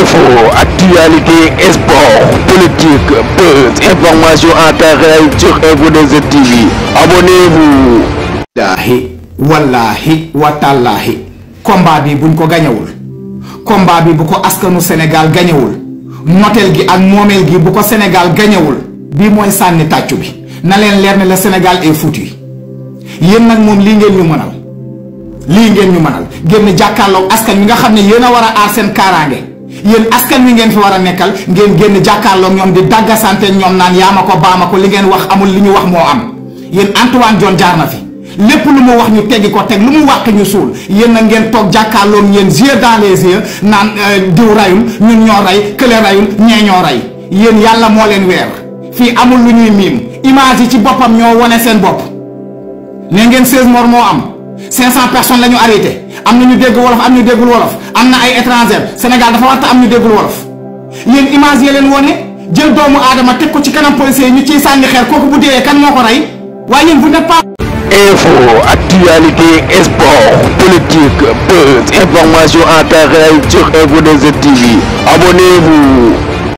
info actualité sport en temps réel sur Info 2S TV abonnez wallaahi watallaahi combat bi buñ ko gañewul combat bi bu ko askanu Sénégal gañewul noteel gi ak moomeel gi bu ko Sénégal gañewul bii mooy sànni tàccu bi na leen leer ne la Sénégal est foutu yéen nag moom lii ngeen ñu mënal lii ngeen ñu mënal génn jàkkaarloog askan mi nga xam ne yéen a war a aar seen kaaraange. yéen askan wi ngeen fi war a nekkal ngeen génn jàkkaarloog ñoom di dàggasante ñoom naan yaa ma ko baa ma li ngeen wax amul li ñu wax moo am yéen Antoine Diome jaar na fi lépp lu mu wax ñu teggi ko teg lu mu wàq ñu suul yéen na ngeen toog jàkkaarloog yéen yeux dans les yeux naan euh, diw rayul ñun ñoo ray kële rayul ñee ñoo ray yéen yàlla moo leen weer fii amul lu ñuy miim image yi ci boppam ñoo wone seen bopp ne ngeen 16 morts moo am. 500 personnes la ñu arrêté am na ñu dégg wolof am ñu déggul wolof am na ay étrangers Sénégal dafa warta am ñu déggul wolof yéen image yi leen wone jël doomu aadama teg ko ci kanam policier ñu ciy sànni xeer kooku bu dee kan moo ko waaye yéen bu ne pas. info actualité sport politique information en temps réel sur Info TV abonnez